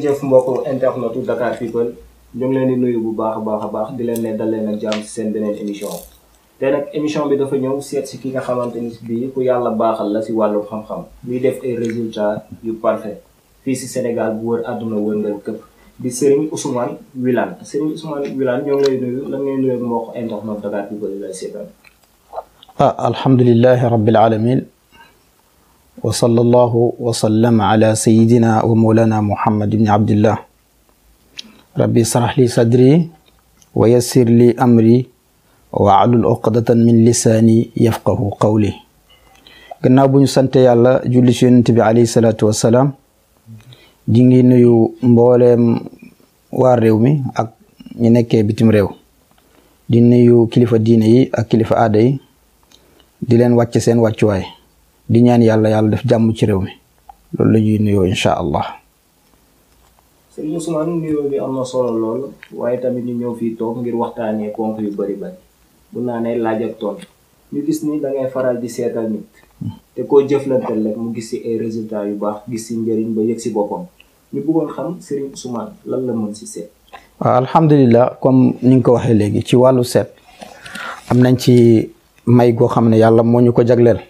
jërëjëf mbokk internet Dakar People ñu ngi leen di nuyu bu baax a baax a baax di leen ne dal leen ak jàmm si seen beneen émission te nag émission bi dafa ñëw seet si ki nga xamante ni bii ku yàlla baaxal la si wàllu xam-xam muy def ay résultat yu parfait fii si Sénégal bu wër àdduna wërngal këpp di Serigne Ousmane Wilane Serigne Ousmane Wilane ñoo ngi lay nuyu lan ngay nuyu mbokk internet Dakar People lay seetaan ah alhamdulilahi rabbil alamin wa sallallahu wa sallam ala sayyidina wa mawlana muhammad ibn abdillah rabbi sarax li sadri wa yassir li amri wa ahlul uqdatan min lisaani yafqahu qawli gannaaw bu ñu sante yàlla julli ci yonent bi alayhi salaatu wassalaam di ngi nuyu mboolem waa réew ak ñu nekkee bitim réew di nuyu kilifa diine ak kilifa aada yi di leen wàcc seen wàccuwaay di ñaan yàlla yàlla def jàmm ci réew mi loolu la ñuy nuyoo incha allah. sëñ Ousmane nuyoo bi am na solo lool waaye tamit ñu ñëw fii toog ngir waxtaanee ponk yu bari bari bu naa ne laaj ak ñu gis ni faral di seetal nit. koo jëflanteel rek mu gis si ay résultats yu baax gis si njëriñ ba yëg si boppam ñu buggoon xam Serigne Ousmane lal la mën si seet. waaw alhamdulilah comme ni nga ko waxee léegi ci wàllu seet am nañ ci may goo xam ne yàlla moo ñu ko jagleel.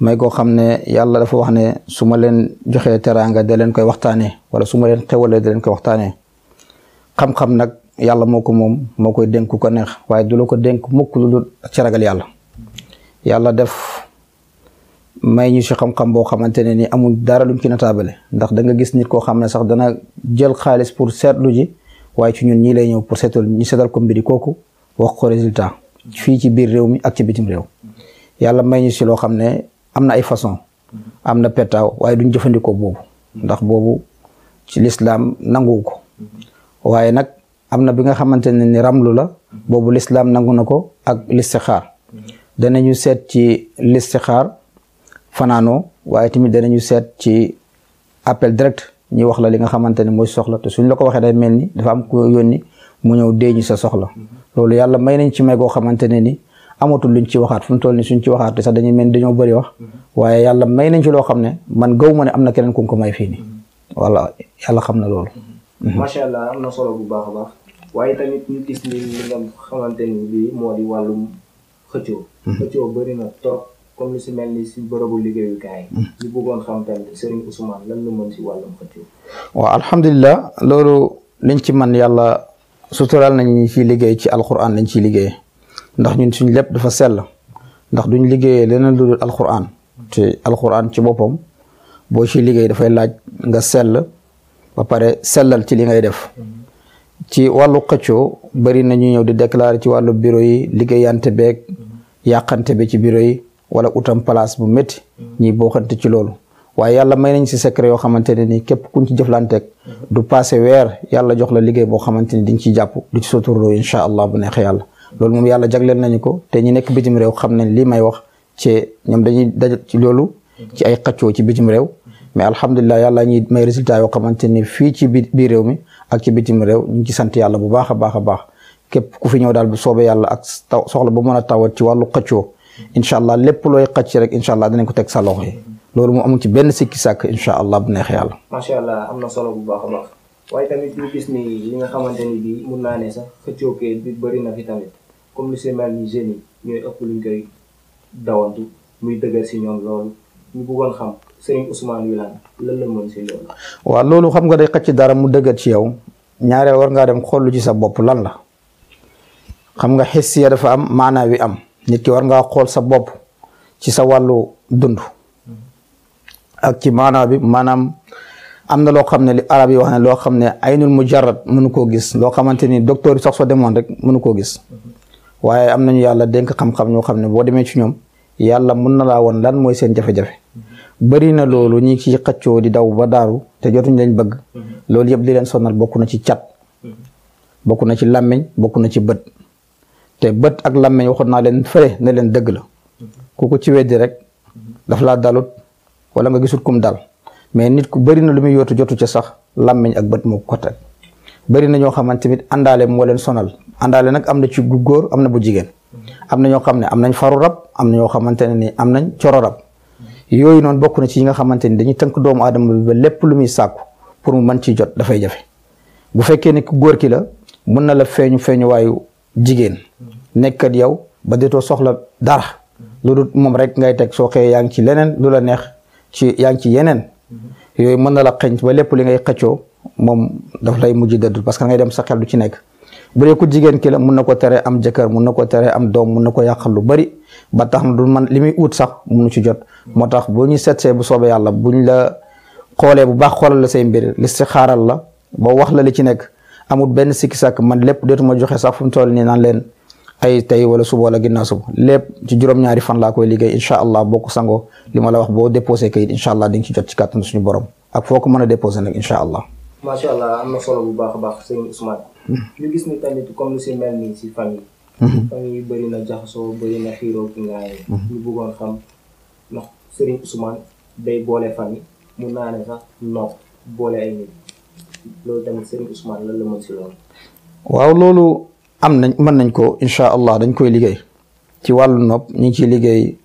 may goo xam ne yàlla dafa wax ne su ma leen joxe teraanga da leen koy waxtaanee wala su ma leen xewalee da leen koy waxtaanee xam nag yàlla moo ko moom moo koy dénk ko neex waaye du la ko dénk mukk lu dul ci ragal yàlla yàlla def may ñu si xam boo xamante ne ni amul dara luñ ci nataabale ndax da nga gis nit koo xam ne sax dana jël xaalis pour seetlu ji waaye ci ñun ñii lay ñëw pour seetal ñu seetal ko mbiri kooku wax ko résultat fii ci biir réew mi ak ci bitim réew may ñu si am na ay façon am na petaw waaye duñ jëfandikoo boobu ndax boobu ci lislaam nanguwu ko waaye nag am na bi nga xamante ne ni ramlu la boobu lislaam nangu na ko ak dana ñu seet ci listixaar fanaanoo waaye tamit danañu seet ci appel direct ñu wax la li nga xamante ne mooy soxla te suñ la ko waxee day mel ni dafa am ko yónni mu ñëw dee ñu sa soxla loolu yàlla may nañ ci may goo xamante ne ni amatul ñu ci waxaat fu mu toll ni suñ ci waxaat sax dañuy mel dañoo bari wax waaye yàlla may nañ ci loo xam ne man gaw ma ne am na keneen ku ko may fii nii voilà yàlla xam na loolu. Mhm. macha allah am solo bu baax a baax gis ni li nga xamante moo di wàllum xëccoo. Mhm. xëccoo bëri na trop comme lu si mel ni si bërëbu liggéeyukaay. Mhm. ñu bëggoon xam tamit Serigne Ousmane lan la waaw alhamdulilah loolu liñ ci man yàlla suturaal nañ ñi ciy liggéey ci alquran lañ ciy liggéey. ndax ñun suñ lépp dafa sell ndax duñ liggéeyee leneen lu dul alquran te alquran ci boppam boo ci liggéey dafay laaj nga sell ba pare sellal ci li ngay def ci wàllu xëccoo bari na ñu ñëw di déclarer ci wàllu bureau yi liggéeyante beeg yàqante bi ci bureau yi wala utam place bu métti ñi bokkante ci loolu waaye yàlla may nañ ci secret yoo xamante ne ni képp kuñ ci jëflanteeg du passé weer yàlla jox la liggéey boo xamante ni diñ ci jàpp du ci soturloo incha allah bu neex yàlla loolu moom yàlla jagleel nañu ko te ñi nekk bitim réew xam nañ li may wax ci ñoom dañuy daj ci loolu ci ay xaccoo ci bitim réew mais alhamdulilah yàlla ñuy ni fii ci bi biir réew mi ak ci bitim réew ñu ngi ci bu baax a baax a baax képp ku fi ñëw daal bu soobee yalla ak taw soxla bu mën a tawat ci wàllu xaccoo incha allah lépp looy xacc rek incha allah dinañ ko teg sa loolu mu amul ci benn sikki sàkk incha allah bu neexee yàlla. a baax waaye tamit ñu gis ni li ne sax xëccoo bi bëri na fi tamit. comme lu si mel ni ñooy ëpp luñ koy dawantu muy dëgër si ñoom loolu ñu bëggoon xam sëriñ la loolu. waaw loolu xam nga day xëcc dara mu dëgër ci yow ñaareel war ngaa dem xool ci sa bopp lan la xam nga xis ya dafa am maanaa wi am nit ki war ngaa xool sa bopp ci sa wàllu dund. ak ci maanaa bi maanaam am na loo xam ne li arab yi wax ne loo xam ne aynul mujarrad mënu koo gis loo xamante ni docteur bi sax soo demon rek mënu koo gis. waaye am nañu yàlla dénk xam-xam ñoo xam ne boo demee ci ñoom yàlla mun na laa woon lan mooy seen jafe-jafe bëri na loolu ñi ci xëccoo di daw ba daaru te jotuñ lañ bëgg loolu yëpp li leen sonal bokku na ci cat bokk na ci làmmiñ bokku na ci bët te bët ak làmmiñ waxoon naa leen fële ne leen dëgg la ku ko ci weddi rek daf laa dalut wala nga gisul kum daal mais nit ku bëri na lu muy yootu jotu ca sax làmmiñ ak bët moo ko teg bëri na ñoo xamante ni àndaale moo leen sonal àndaale nag am na ci gu góor am na bu jigéen am na ñoo xam ne am nañ faru rab am na ñoo xamante ne ni am nañ coro rab yooyu noonu bokk na ci yi nga xamante ni dañuy tënk doomu aadama bi ba lépp lu muy sàkku pour mu mën ci jot dafay jafe bu fekkee ne ku góor ki la mën na la feeñu feeñu jigéen nekk yow ba soxla dara lu dul moom rek ngay teg soo yaa ngi ci leneen lu la neex ci yaa ci yeneen yooyu mën na la xëñ ba lépp li ngay xëccoo moom daf lay mujj dëddul parce que ngay dem sa xel du ci nekk bu dee ku jigéen ki mun na ko teree am jëkkër mun na ko teree am doom mun na ko yàqal lu bari ba tax na du man li muy ut sax nu ci jot moo tax bu ñu setsee bu soobee yàlla buñ la xoolee bu baax xoolal la say mbir listixaaral la ba wax la li ci nekk amul benn sikki sàkk man lépp deetuma joxe sax fu mu toll nii naan leen ay tey wala suba wala ginnaaw suba lépp ci juróom-ñaari fan laa koy liggéey incha allah bokk sango sangoo li ma wax boo déposé kayit incha allah di nga ci jot ci kàttan suñu borom ak foo ko mën a déposé nag allah. ñu gis ni tamit comme lu si mel nii si famille. Mhm. famille yi na jaxasoo bëri na xiiroo ki ngaay mhm. ñu xam ndax Serigne Ousmane day boole famille mun naa ne sax noog boole ay nit la waaw loolu am nañ mën nañ ko incha allah dañ koy liggéey ci wàllu nopp ñu ngi ciy liggéey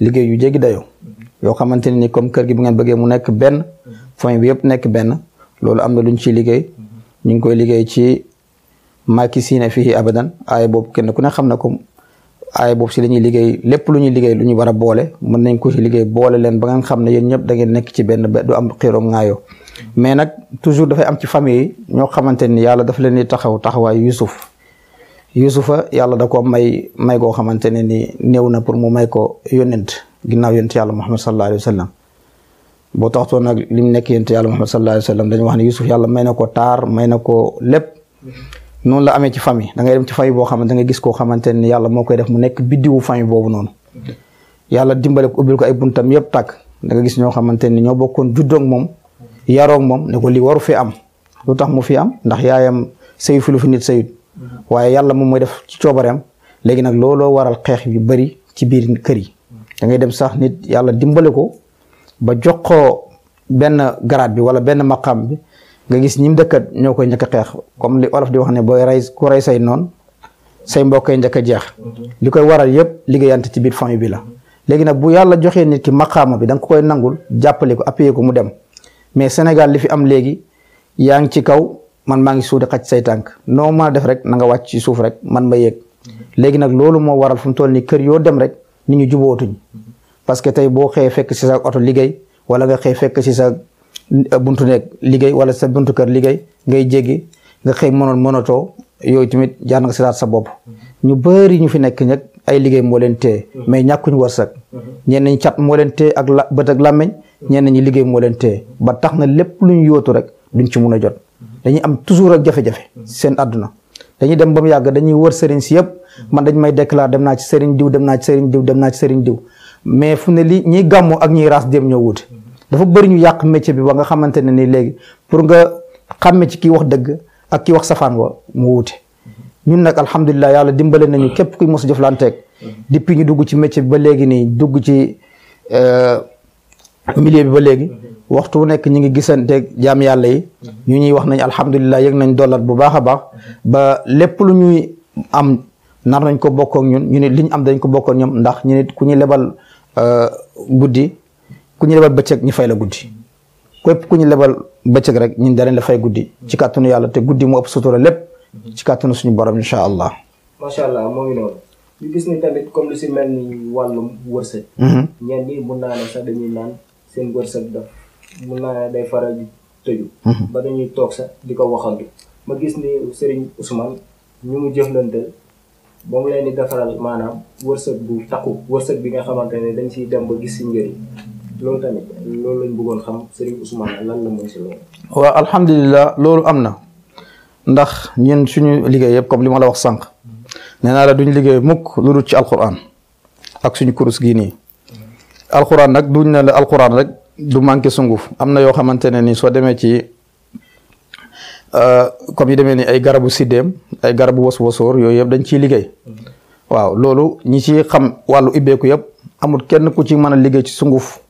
liggéey yu jéggi dayoo mhm. yoo xamante ne ni comme kër gi bu ngeen bëggee mu nekk benn famille bi yëpp nekk benn loolu am na luñ ciy liggéey ñu ngi koy liggéey ci. maakisiina fihi abadan aaya boobu kenn ku ne xam na ko aaya boobu si la ñuy liggéey lépp lu ñuy liggéey lu ñu war a boole mën nañ ko si liggéey boole leen ba nga xam ne yéen ñëpp da ngeen nekk ci benn ba du am xiiroo ŋaayoo mais nag toujours dafay am ci famille yi ñoo xamante ni yàlla dafa leen di taxaw taxawaay Yusuf Yusufa yàlla da ko may may goo xamante ne ni néew na pour mu may ko yónent ginnaaw yónent yàlla Muhammad sallallahu alayhi wa sallam boo taxtoon nag li mu nekk yàlla Muhammad sallallahu alayhi dañu wax ne Yusuf yàlla may na ko taar may na ko lépp noonu la amee ci famille da ngay dem ci famille boo xamante da gis koo xamante ne yàlla koy def mu nekk biddiwu famille boobu noonu yàlla dimbale ko ubbil ko ay buntam yëpp tàkk da gis ñoo xamante ne ñoo bokkoon juddoog moom yaroog moom ne ko lii waru fee am lu tax mu fi am ndax yaayam sayu fi lu fi nit sayut mhm. waaye yàlla moom mooy def ci coobareem léegi nag looloo waral xeex yu bari ci biir kër yi da ngay dem sax nit yàlla dimbale ko ba jox ko benn garaat bi wala benn maqam nga gis ñi mu dëkkat ñoo koy njëkk xeex comme li olof di wax ne boo rey ku rey say noon say mbokk yi njëkk a jeex li koy waral yëpp liggéeyante ci biir famille bi la. léegi nag bu yàlla joxee nit ki maqaama bi da ko koy nangul jàppale ko mu dem mais Sénégal li fi am léegi yaa ngi ci kaw man maa ngi suude xaj say tànk noo ma def rek na nga wàcc suuf rek man ma yéeg léegi nag loolu moo waral fu mu toll nii kër yoo dem rek nit ñu jubootuñ parce que tey boo xëyee fekk si sa oto liggéey wala nga xëy fekk si sa buntu nekk liggéey wala sa buntu kër liggéey ngay jéggi nga xëy mënoon mënatoo yooyu tamit jaar nga silaat sa bopp ñu bëri ñu fi nekk nag ay liggéey moo mais ñàkkuñu wërsëg ñenn ñi cat moo leen téye ak la bët ak làmmiñ ñenn ñi liggéey moo leen ba tax na lépp lu ñu yóotu rek duñ ci mun a jot dañuy am toujours ak jafe seen àdduna dañuy dem ba mu yàgg dañuy wër sëriñ si yëpp man dañ may déclare dem naa ci sëriñ diw dem naa ci sëriñ diw dem naa ci sëriñ diw mais fu ne li ñiy gàmmu ak ñiy raas dem ñëw wuute dafa bëri ñu yàq métier bi ba nga xamante ne ni léegi pour nga xàmme ci kii wax dëgg ak kii wax safaan wa mu wuute ñun nag alhamdulillah yàlla dimbale nañu képp kuy mosu jëflanteeg depuis ñu dugg ci métier bi ba léegi nii dugg ci euh, milieu bi ba léegi waxtu nekk ñu ngi gisanteeg jaam yàlla yi ñu ñuy wax nañ alhamdulillah yëg nañ dollar bu baax a baax ba lépp lu ñuy am nar nañ ko bokkook ñun ñu ne liñ am dañ ko bokkook ñoom ndax ñu ne ku ñu lebal euh, guddi ku ñu lebal bëccëg ñu fay la guddi képp ku ñu lebal bëccëg rek ñu danañ la fay guddi ci kàttanu yàlla te guddi mu ëpp sutura lépp ci kàttanu suñu borom incha allah. macha allah moo ngi noonu ñu gis ni tamit comme lu si mel ni wàllum wërsëg. Mhm. ñenn ñi mun naa ne sax dañuy naan seen wërsëg daf mun naa ne day faral di tëju. Mhm. ba dañuy toog sax di ko waxandu ma gis ni Serigne Ousmane ñu mu jëflante ba mu leen di defaral maanaam wërsëg bu takku wërsëg bi nga xamante ne dañ siy dem ba gis si loolu tamit loolu waaw alhamdulilah loolu am na ndax ñun suñu liggéey yëpp comme li ma la wax sànq nee naa la duñ liggéey mukk lu dul ci alquran ak suñu kurus gii nii alquran nag duñ ne la alquran rek du manqué sunguf am na yoo xamante ne ni soo demee ci euh, comme yi demee ni ay garabu siddéem ay garabu was-wasoor yooyu yëpp dañ ciy liggéey waaw loolu ñi ci xam wàllu ibbeeku yëpp amul kenn ku ci mën a liggéey ci sunguf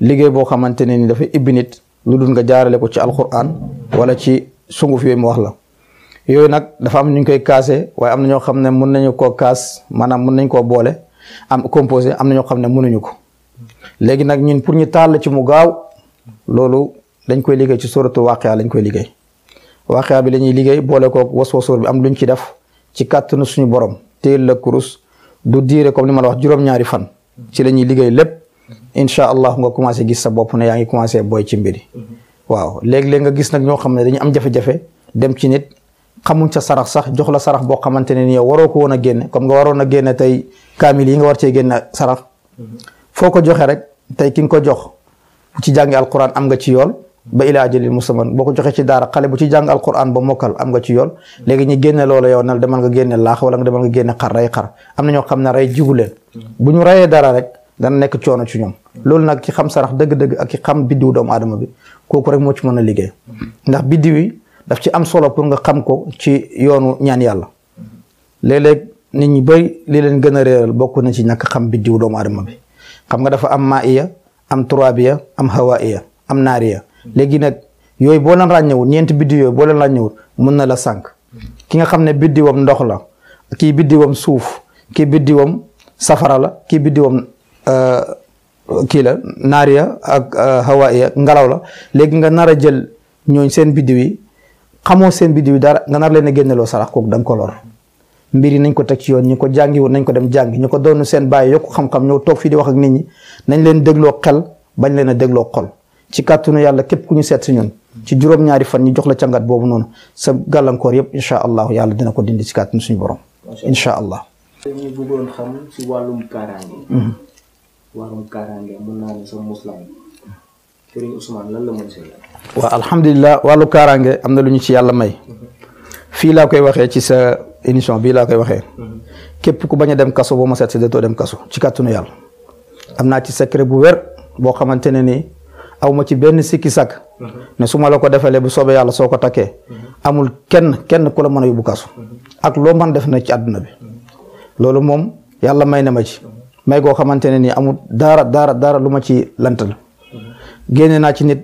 liggéey boo xamante ne ni dafa ibbi lu dul nga jaarale ko ci alquran wala ci sunguf yooyu mu wax la yooyu nag dafa am ñu koy kaase waaye am na ñoo xam ne mun nañu koo kaas maanaam mun nañ koo boole am composé am na ñoo xam ne mënuñu ko léegi nag ñun pour ñu taal ci mu gaaw loolu dañ koy liggéey ci suratu waaqia lañ koy liggéey waaqia bi la ñuy liggéey boole koo waswasoor bi am luñ ci def ci kàttanu suñu borom téel la kurus du diire comme ni ma la wax juróom-ñaari fan ci la ñuy liggéey lépp incha allah nga commencé gis sa bopp ne yaa ngi commencé booy ci mbiri waaw léeg-léeg nga gis nag ñoo xam ne dañ am jafe-jafe dem ci nit xamuñ sa sarax sax jox la sarax boo xamante ne ni yow waroo ko woon a génne comme waroon a génne tey kaamil yi nga war cee génne sarax foo ko joxe rek tey ki nga ko jox bu ci jàngi alquran am nga ci yool ba ilaa ajalil musamman boo ko joxee ci daara xale bu ci jàng alquran ba mokkal am nga ci yool léegi ñu génne loolu yow nal demal nga génne laax wala nga demal nga génne xar rey xar am na ñoo xam ne rey jigu dana nekk coono ci ñoom loolu nag ki xam sarax dëgg-dëgg ak ci xam biddiw doomu aadama bi kooku rek moo ci mën a liggéey ndax biddiw daf ci am solo pour nga xam ko ci yoonu ñaan yàlla léeg-léeg nit ñi bëri li leen gën a réeral bokk na ci ñàkk xam biddiw doomu adama bi xam nga dafa am maaiya am trois turaabiya am hawaiya am naariya léegi nag yooyu boo leen ràññewul ñeenti biddiw yooyu boo leen ràññewul mun na la sànq ki nga xam ne biddiwam ndox la kii biddiwam suuf kii biddiwam safara la kii biddiwam Euh, kii la naar ya ak euh, hawa ya ngelaw la léegi nga nar a jël ñooñ seen biddiw yi xamoo seen biddiw yi dara nga nar leen a génneloo sarax kooku da nga ko lor mbir yi nañ ko teg ci yoon ñi ko jàngi woon nañ ko dem jàngi ñu ko doon seen bàyyi yokku xam-xam ñëw toog fii di wax ak nit ñi nañ leen dégloo xel bañ leen a dégloo xol ci kàttanu yàlla képp ku ñu seet si ñun ci juróom-ñaari fan ñu jox la cangat boobu noonu sa gàllankoor yëpp incha allah yàlla dina ko dindi ci kàttanu suñu borom waa kaaraange mun naa ne sa kaaraange am na lu ñu ci yàlla may fii laa koy waxee ci sa émission bii laa koy waxee képp ku bañ dem kaso boo ma seet si datoo dem kaso ci kàttanu yàlla am naa ci secret bu wér boo xamante ne nii aw ma ci benn sikki sàkk ne su ma la ko defalee bu soobee yàlla soo ko takkee amul kenn kenn ku la mën a yóbbu kaso ak loo man def na ci àdduna bi loolu moom yàlla may na ma ci may goo xamante ne nii amul daara daara daara lu ma ci lantal génne naa ci nit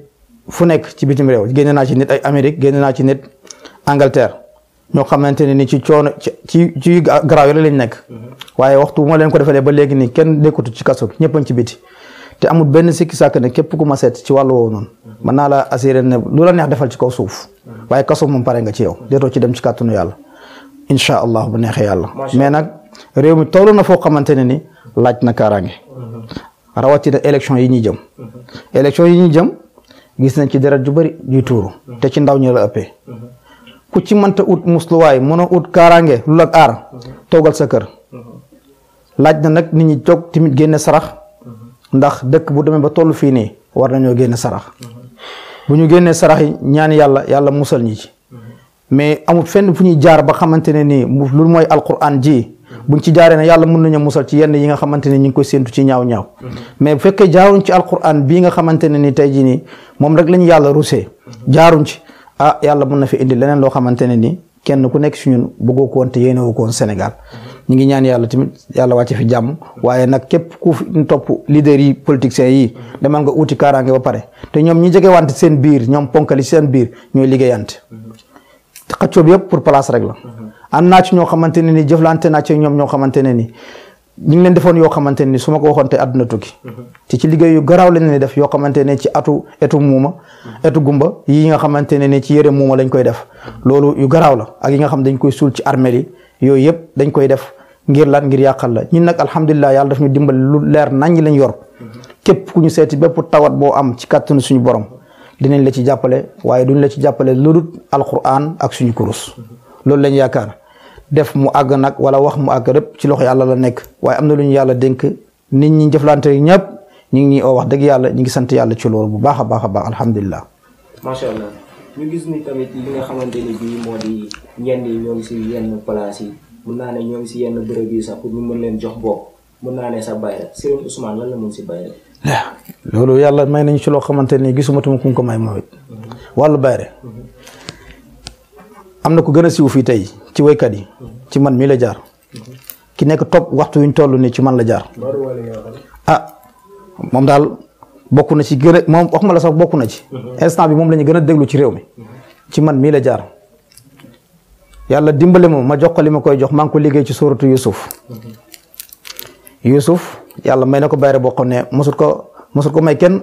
fu nekk ci bitim réew génne naa ci nit ay Amérique génne naa ci nit Angleterre ñoo xamante ne nii ci coono ci ci ci garaaw yi lañ nekk waaye waxtu ma leen ko defalee ba léegi nii kenn nekkatu ci kaso ñëpp a ci biti te amul benn sikki sàkk ne képp ku ma seet ci wàllu woowu noonu mën naa la assuré ne lu la neex defal ci kaw suuf waaye kaso moom pare nga ci yow déetoo ci dem ci kàttanu yàlla incha bu neexee yàlla mais nag ni laaj na kaaraange rawatina élection yi ñuy jëm élection yi ñu jëm gis nañ ci deret ju bëri juy tuuru te ci ndaw ñi la ëppee ku ci mënta ut musluwaay mën ut kaaraange lu la aar toogal sa kër laaj na nag nit ñi toog tamit génne sarax ndax dëkk bu demee ba toll fii nii war nañoo génne sarax bu ñu génnee sarax yi ñaan yàlla yàlla musal ñi ci mais amul fenn fu ñuy jaar ba xamante nii lu mooy alquran ji buñ ci jaaree ne yàlla mën nañu musal ci yenn yi nga xamante ne ñu ngi koy séentu ci ñaaw ñaaw mais bu fekkee jaaruñ ci alquran bii nga xamante ne ni tey jii nii moom rek lañu yàlla rusee jaaruñ ci ah yàlla mun na fi indi leneen loo xamante ne ni kenn ku nekk si ñun bëggoo ko woon te yéenewoo ko woon Sénégal ñu ngi ñaan yàlla tamit yàlla wàcce fi jàmm waaye nag képp ku fi topp leader yi politiciens yi demal nga uuti kaaraange ba pare te ñoom ñi jege wante seen biir ñoom ponkali seen biir ñooy liggéeyante yëpp pour place rek la ànd naa ñoo xamante ne ni jëflante ñoom ñoo xamante ne ni ñu ngi leen defoon yoo xamante ne ni su ma ko waxoon te àdduna tukki. Mm-hmm. te ci liggéey yu garaaw lañ leen def yoo xamante ne ci atu etu muuma. Mm-hmm. etu gumba yi nga xamante ne ni ci yére muuma lañ koy def. Mm-hmm. loolu yu garaaw la ak yi nga xam dañ koy suul ci armeel yooyu yëpp dañ koy def ngir lan ngir yàqal la ñun nag alhamdulilah yàlla daf ñu dimbal lu leer nañ lañ yor. képp ku ñu seeti bépp tawat boo am ci kàttanu suñu borom dinañ la ci jàppale waaye duñ la ci jàppale lu dul alquran ak suñu kurus. loolu lañ yaakaar def mu àgg nag wala wax mu àgg rëpp ci loxo yàlla la nekk waaye am na lu ñu yàlla dénk nit ñi jëflante ñëpp ñu ngi ñuy oo wax dëgg yàlla ñu ngi sant yàlla ci loolu bu baax a baax a baax alhamdulilah. ñu gis ni tamit xamante ni bii moo di ñenn yi ñoom si yenn place yi mun naa ne ñoom si yenn bërëb yi sax mën leen jox bopp mun naa ne sa bayra Serigne Ousmane lan la si bayra. loolu yàlla may nañ ci loo xamante ni gisuma tamit ku ko may moom it mhm. wàllu bayra am na ku gën a fi fii tey ci waykat yi ci man mii la jaar ki nekk topp waxtu yuñ toll nii ci man la jaar a ah, moom daal bokk na ci gën a moom wax ma la sax bokk na ci instant bi moom la ñu gën a déglu ci réew mi ci man mii la jaar yàlla dimbale ma ma jox ko li ma koy jox maa ko liggéey ci suuratu Yuusuf Yuusuf yàlla may na ko bayre boo xam ko mosut ko may kenn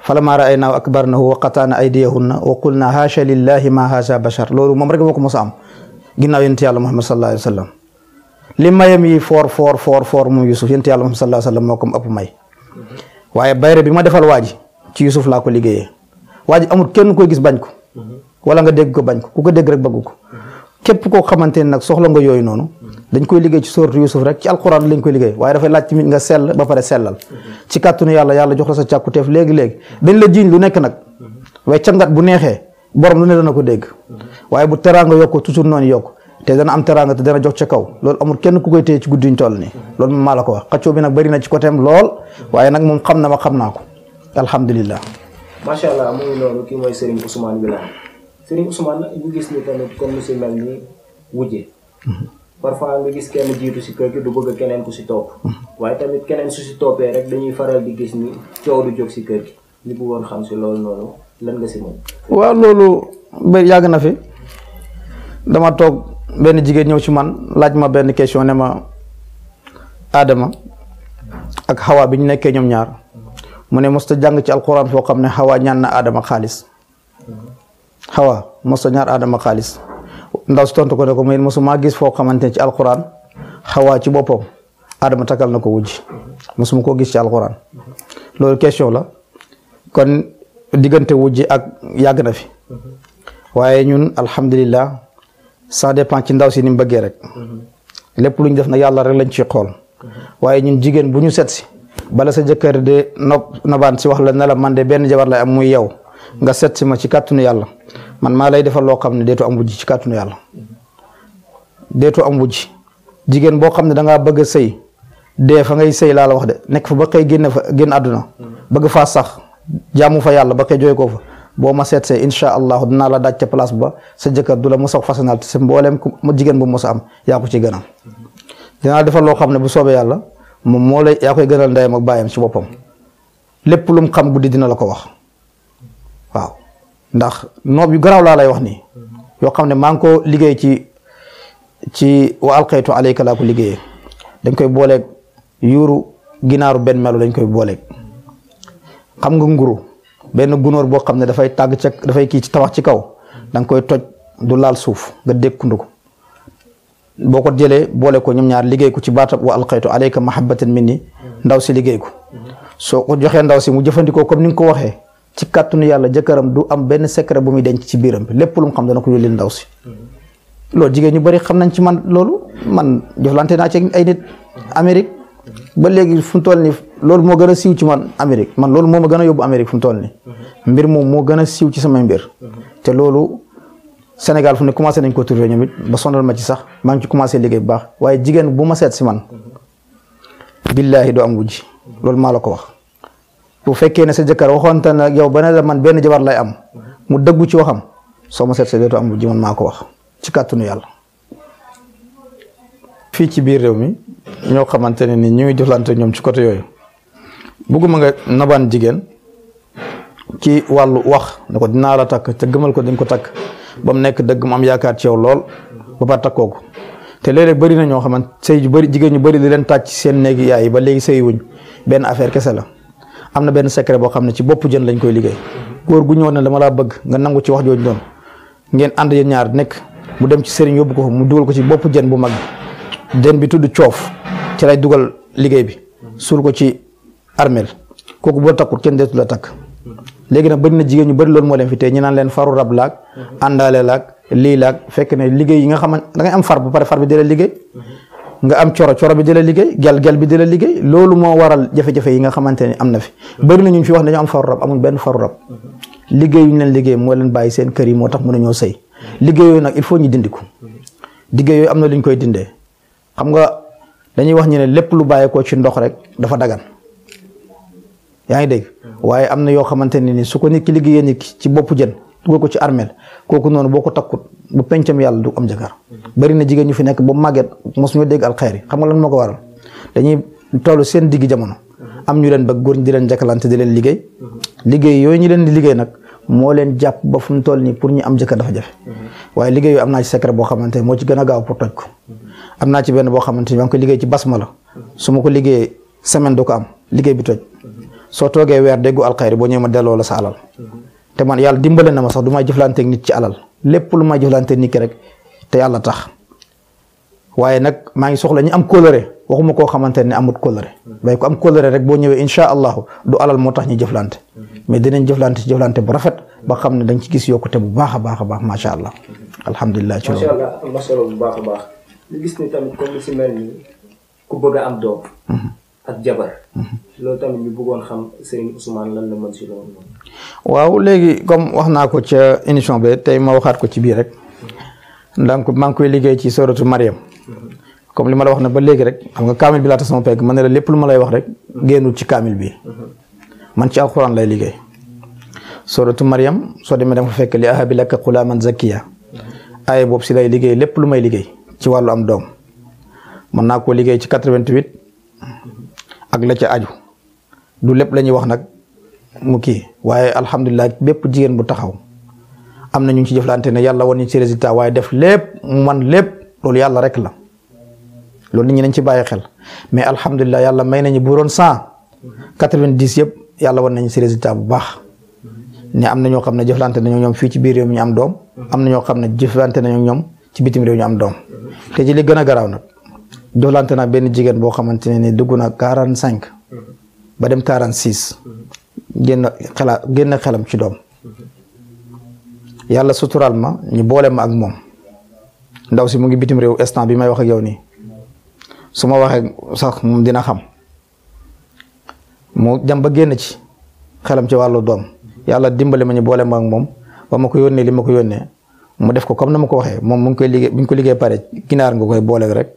falammaa ra'aynaahu akbarnahu wa qataana aydiyahunna wa qulna haasha lillahi ma haasa bashar loolu moom rek moo ko mos a am ginnaaw yonent yàlla Muhammad sallallahu alayhi wa sallam li mayam yi foor foor foor foor mu Yusuf yonent yàlla Muhammad sallallahu alayhi wa sallam moo ko mu may waaye bayre bi ma defal waa ji ci Yusuf laa ko liggéeyee waa ji amul kenn koy gis bañ ko mhm. wala nga dégg ko bañ ko ku ko dégg rek bëgg ko mhm. képp koo xamante ne nag soxla nga yooyu noonu dañ koy liggéey ci sooratu Yuusuf rek ci alquran lañ koy liggéey waaye dafay laaj tamit nga sell ba pare sellal ci kàttanu yàlla yàlla jox la sa càkkuteef léegi-léegi dañ la jiiñ lu nekk nag waaye cangat bu neexee borom lu ne dana ko dégg waaye bu teraanga yokk toujours noonu yokk te dana am teraanga te dana jox ca kaw lool amul kenn ku koy téye ci ñu toll nii loolu moom maa la ko wax xaccoo bi nag bëri na ci côté am lool waaye nag moom xam na ma xam naa ko alhamdulilah. macha allah mu ngi kii mooy Serigne Ousmane Wilane Serigne Ousmane ñu gis ni tamit comme monsieur mel ni wujje parfois nga gis kenn jiitu si kër gi du bëgg keneen ku si topp waaye tamit keneen su si toppee rek dañuy faral di gis ni coow du jóg si kër gi li bëggoon xam si loolu noonu lan nga si mën. waaw loolu ba yàgg na fi dama toog benn jigéen ñëw si man laaj ma benn question ne ma Adama ak Hawa bi ñu nekkee ñoom ñaar mu ne mosta jàng ci alquran foo xam ne Hawa ñaan na Adama xaalis Hawa mosta ñaar Adama xaalis. ndaw si tontu ko ne ko man mosuma gis foo xamante ne ci alquran xawaa ci boppam Adama takkal na ko wujj mosuma koo gis ci alquran loolu question la kon diggante wujj ak yàgg na fi waaye ñun alhamdulillah ça dépend ci ndaw si ni bëggee rek lépp lu ñu def na yàlla rek lañ ci xool waaye ñun jigéen bu ñu set si bala sa jëkkër de nopp nabaan si wax la ne man de benn jabar lay am muy yow nga set si ma ci kàttanu yàlla. man maa lay defal loo xam ne deetu am wujj ci kàttanu yàlla deetu am jigéen boo xam ne dangaa bëgg a sëy dee fa ngay sëy laa la wax de nekk fa ba xëy génn fa génn àdduna bëgg faa sax jaamu fa yàlla ba xëy jooy koo fa boo ma seet see incha allahu dinaa la daaj ca place ba sa jëkkër du la mos a fasanal te sa mbooleem jigéen bu mosa am yaa ko ci gënal dinaa defal loo xam ne bu soobee yàlla moom moo lay yaa koy gënal ndeyam ak bàyyam ci boppam lépp lu xam guddi dina la ko wax ndax noob yu garaw laa lay wax ni mm-hmm. yoo xam ne maa ngi ko liggéey ci ci wa alqaytu alayka laa ko liggéeyee dañ koy booleek yuuru ginaaru benn melo lañ koy booleeg xam nga nguru benn gunóor boo xam ne dafay tàgg ca dafay kii ci tabax ci kaw mm-hmm. da koy toj du laal suuf nga dékkundu ko boo ko jëlee boole ko ñoom ñaar liggéey ko ci baatab wa alqaytu alayka mahabbatan minni mm-hmm. ndaw si liggéey ko soo ko joxee ndaw si mu jëfandikoo comme ni nga ko waxee ci kàttanu yàlla jëkkëram du am benn secret bu muy denc ci biiram bi lépp lu xam dana ko yóllil ndaw si loolu jigéen ñu bari xam nañ ci man loolu man jëflante naa ci ay nit Amérique ba léegi fu mu toll nii loolu moo gën a siiw ci man Amérique man loolu moo ma gën a yóbbu Amérique fu mu toll ni mbir moom moo gën a siiw ci samay mbir te loolu Sénégal fu ne commencé nañ ko trouvé ñoom it ba sonal ma ci sax maa ngi ci commencé liggéey bu baax waaye jigéen bu ma seet si man billaahi doo am wujj loolu maa la ko wax. bu fekkee ne sa jëkkër waxoonte na yow ba ne la man benn jabar lay am mu dëggu ci waxam soo ma seet sa dootu am ji man maa ko wax ci kàttanu yàlla. fii ci biir réew mi ñoo xamante ne ni ñu ngi ñoom ci côté yooyu bëgguma nga nabaan jigéen ci wàllu wax ne ko dinaa la takk te gëmal ko dañ ko takk ba mu nekk dëgg mu am yaakaar ci yow lool ba pare takkoo ko te léeg bari na ñoo xamante sëy ju bëri jigéen ñu bari di leen tàcc seen néegi yaay ba léegi sëy wuñ benn affaire kese la. am na benn secret boo xam ne ci bopp jën lañ koy liggéey góor gu ñëw ne dama laa bëgg nga nangu ci wax jooju doon ngeen ànd yéen ñaar nekk mu dem ci sëriñ yóbbu ko mu dugal ko ci bopp jën bu mag den bi tudd coof ci lay dugal liggéey bi suul ko ci armeel kooku boo takkut kenn deetu la takk léegi nag bëri na jigéen ñu bëri loolu moo leen fi tey ñu naan leen faru rab laag àndaale laag lii laag fekk ne liggéey yi nga xam dangay am far bu pare far bi di liggéey nga am coro coro bi di la liggéey gel gel bi di la liggéey loolu moo waral jafe-jafe yi nga xamante ne am na fi mm-hmm. bëri na ñu fi wax dañoo am faru rab amuñ benn faru rab mm-hmm. liggéey yu ñu leen liggéey moo leen bàyyi seen kër yi moo tax mënuñoo sëy mm-hmm. liggéey yooyu nag il faut ñu dindi ko liggéey yooyu am na lu ñu koy dindee xam nga dañuy wax ñu ne lépp lu bàyyeekoo ci ndox rek dafa dagan yaa ngi dégg waaye am na yoo xamante ne ni su ko nit ki liggéeyee nit ci bopp jën dugal ko ci armeel kooku noonu boo ko takkut bu pencam yàlla du am jëkkër bari na jigéen ñu fi nekk ba màgget mos ñu dégg alxayri xam nga lan moo ko waral dañuy toll seen digg jamono am ñu leen bëgg góor ñi di leen jàkkalante di leen liggéey liggéey yooyu ñu leen di liggéey nag moo leen jàpp ba fu mu toll nii pour ñu am jëkkër dafa jafe waaye liggéey yooyu am naa ci secret boo xamante moo ci gën a gaaw pour toj ko am naa ci benn boo xamante ni maa ngi ko liggéey ci basmala su ma ko liggéeyee semaine du ko am liggéey bi toj soo toogee weer déggu alxayri boo ñëwee ma delloo la sa alal te man yàlla dimbale na ma sax du may jëflanteeg nit ci alal lépp lu may jëflanteeg nit ki rek te yàlla tax waaye nag maa ngi soxla ñu am kóllëre waxuma koo xamante ne amut kóllëre waaye ko am kóllëre rek boo ñëwee incha allahu du alal moo tax ñu jëflante mais dinañ jëflante ci jëflante bu rafet ba xam ne dañ ci gis yokkute bu baax a baax a baax macha allah alhamdulilah. ci loolu macha allah am na solo bu baax a baax ñu gis ni tamit comme lu si mel ni ku a ak jabar. loolu tamit ñu bëggoon xam Serigne Ousmane la mën si waaw léegi comme wax naa ko ca émission bi tey ma waxaat ko ci biir rek. donc maa ngi koy liggéey ci soratu Mariam. comme li ma la wax na ba léegi rek xam nga kaamil bi laata sama pegg man ne la lépp lu ma lay wax rek génnul ci kaamil bi man ci alxuraan lay liggéey soratu Mariam soo demee da nga fa fekk li ahabi laka xulaaman zakiya aaya boobu si lay liggéey lépp lu may liggéey ci wàllu am doom mën naa koo liggéey ci 88. ak la ca aju du lépp la ñuy wax nag mu kii waaye alhamdulilah bépp jigéen bu taxaw am na ñu ci jëflante ne yàlla wan ñu ci résultat waaye def lépp man lépp loolu yàlla rek la loolu ñi nañ ci bàyyi xel mais alhamdulilah yàlla may nañu bu doon cent quatre dix yëpp yàlla wan nañu ci résultat bu baax ne am na ñoo xam ne jëflante nañu ñoom fii ci biir réew mi ñu am doom am na ñoo xam ne jëflante nañu ñoom ci bitim réew ñu am doom te ci li gën garaaw nag doolante nag benn jigéen boo xamante ne ni dugg na quarante cinq ba dem quarante six génn xelaa génn xelam ci doom yàlla suturaal ma ñu boole ma ak moom ndaw si mu ngi bitim réew instant bi may wax ak yow nii su ma waxee sax moom dina xam mu dem ba génn ci xelam ci wàllu doom yàlla dimbali ma ñu boole ma ak moom ba ma ko yónnee li ma ko yónnee mu def ko comme na ma ko waxee moom mu ngi koy liggéey bu ñu ko liggéey pare ginaar nga koy boole rek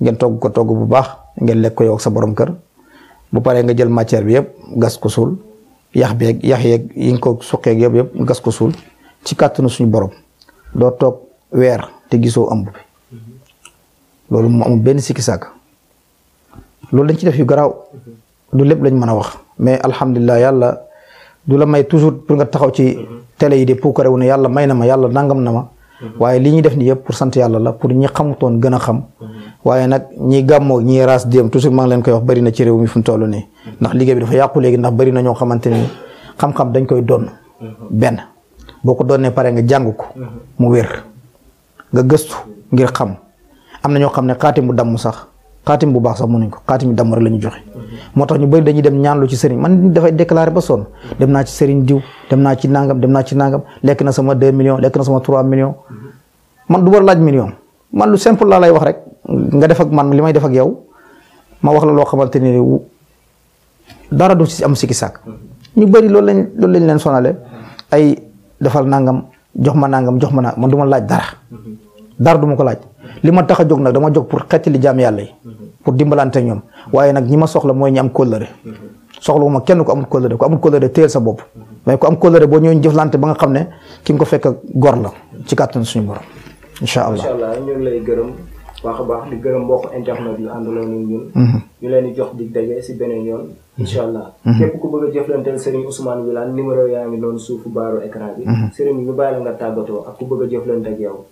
ngeen togg ko togg bu baax ngeen lekk ko yow sa borom kër bu paree nga jël matière bi yëpp gas ko suul yax beeg yax yeeg yi nga ko suqeeg yëpp yëpp gas ko suul ci kàttanu suñu borom doo toog weer te gisoo ëmb bi loolu mu amul benn sikki sàkk loolu dañ ci def yu garaaw du lépp lañ mën a wax mais alhamdulilah yàlla du la may toujours pour nga taxaw ci télé yi de puukare wu ne yàlla may na ma yàlla nangam na ma mm-hmm. waaye li ñuy def ni yëpp pour sant gën a xam mm-hmm. waaye nag ñi gàmmoo ñi ras dem toujours maa ngi koy wax bari na ci réew mi fu mu toll nii ndax liggéey bi dafa yàqu léegi ndax bari na ñoo xamante ni xam-xam dañ koy doon benn boo ko doonee pare nga jàng ko mu wér nga gëstu ngir xam am na ñoo xam ne xaatim bu dammu sax xaatim bu baax sax mënuñ ko xaatim bi damm rek la ñu joxe moo tax ñu bëri dañuy dem lu ci sëriñ man dafay déclaré ba son dem naa ci sëriñ diw dem naa ci nangam dem naa ci nangam lekk na sama 2 million lekk na sama 3 millions man du war laa lay wax nga def ak man li may def ak yow ma wax la loo xamante ni dara du ci am sikki sàkk mhm. ñu bëri lool lañ lañ leen sonale mhm. ay defal nangam jox ma nangam jox ma nangam man duma laaj dara mhm. dara duma ko laaj li ma tax a jóg nag dama jóg pour xetti li jaam yàlla yi pour dimbalante ñoom waaye nag ñi ma soxla mooy ñi am kóllëre soxla ma kenn ko amul kóllëre ko amul kóllëre téyel sa bopp mais ko am kóllëre boo ñëwee jëflante ba nga xam ne ki nga ko fekk gor la ci kàttan suñu borom baax a baax di gërëm mbokk internet yu àndaloon mhm. ñu leen di jox dig daje si beneen yoon. Mhm. incha allah mhm. képp bëgg a jëflanteel Serigne Ousmane Wilane numéro yaa ngi noonu suufu baaru écran bi. Serigne ñu la nga tàggatoo a jëflante ak yow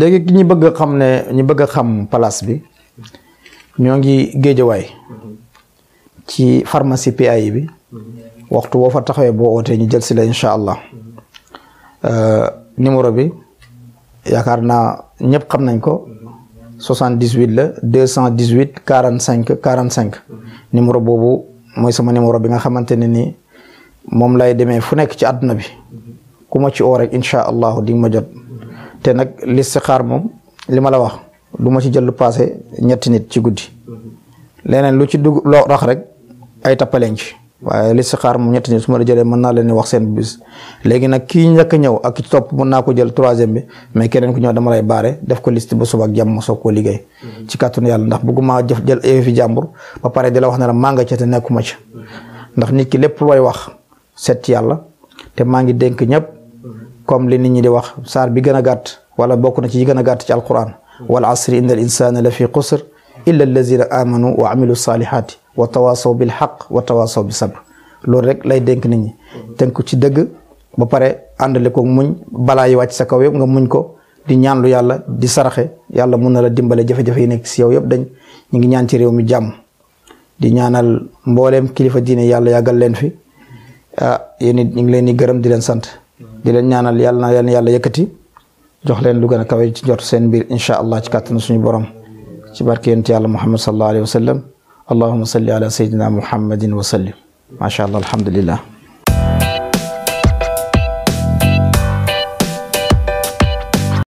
léegi ñi bëgg xam ne ñi bëgg a xam place bi ñoo ngi géejawaay ci pharmacie PAI bi. waxtu boo fa taxawee boo ootee ñu jël si la incha allah euh, numéro bi. yaakaar naa ñëpp xam nañ ko soixante dix huit la deux cent dix huit quarante cinq quarante cinq numéro boobu mooy sama numéro bi nga xamante ne ni moom lay demee fu nekk ci àdduna bi ku ma ci oo rek incha allah di ma jot te nag listixaar moom li ma la wax du ma ci jël lu paase ñetti nit ci guddi leneen lu ci dug loo rax rek ay tappaleen ci waaye listixaar moom ñetti nit su ma la jëlee mën naa leen wax seen bis léegi nag ki njëkk ñëw ak ci topp mën naa ko jël troisième bi mais keneen ku ñëw dama lay baare def ko list ba suba ak jàmm soo koo liggéey. Mm-hmm. ci kàttanu yàlla ndax bëgguma jëf jël fi jàmbur ba pare di la wax na la maa nga ca te ma ca mm-hmm. ndax nit ki lépp looy wax set yàlla te maa ngi dénk ñëpp mm-hmm. comme li nit ñi di wax saar bi gën a gàtt wala bokk na ci yi gën a gàtt ci alquran. wal asri inna al la fi qusr illa allazina amanu wa amilu wa tawaasaw bil xaq wa tawaasaw bi sabr loolu rek lay dénk nit ñi tënk ci dëgg ba pare àndale ko muñ balaa yi wàcc sa kaw yëpp nga muñ ko di ñaanlu yàlla di saraxe yàlla mun na la dimbale jafe-jafe yi nekk si yow yëpp dañ ñu ngi ñaan ci réew mi jàmm di ñaanal mbooleem kilifa diine yàlla yàggal leen fi ah yéen ñu ngi leen di gërëm di leen sant di leen ñaanal yàlla na leen yàlla yëkkati jox leen lu gën a kawe ci jot seen mbir incha allah ci kàttanu suñu borom ci barke yonent yàlla muhammad sallallahu alayhi wa sallam allahuma salli ala sayyidina muhammadin wa sallim macha allah alhamdulillah